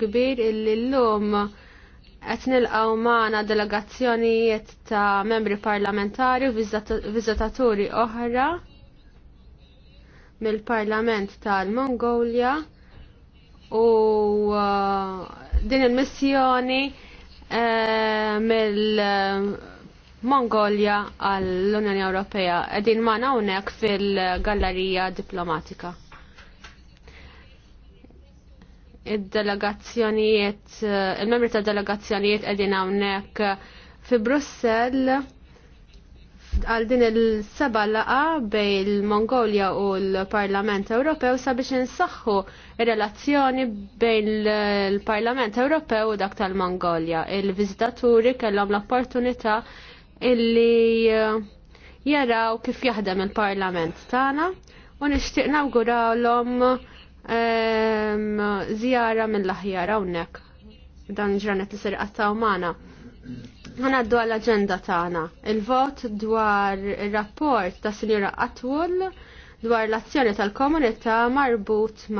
kbir illi l-lum qed nilqgħu magħna delegazzjonijiet ta' membri parlamentari u viżitaturi oħra mill-Parlament tal-Mongolja u uh, din il-missjoni uh, mill-Mongolja għall-Unjoni Ewropea qegħdin magħna hawnhekk fil-Gallerija Diplomatika il-delegazzjonijiet, eh, il-membri tal delegazzjonijiet edin għawnek fi Brussel għal din il-seba laqa bej il-Mongolia u l-Parlament Ewropew sabiex insaxħu relazzjoni bejn il-Parlament Ewropew u dak tal-Mongolia. Il-vizitaturi kellhom l-opportunità illi eh, jaraw kif jaħdem il-Parlament tagħna u nixtieq om zjara mill-aħjar hawnhekk. Dan ġranet li serqat ta' umana. Għanaddu għall-agenda tagħna. Il-vot dwar ir-rapport ta' Sinjura Atwol dwar l-azzjoni tal-komunità marbut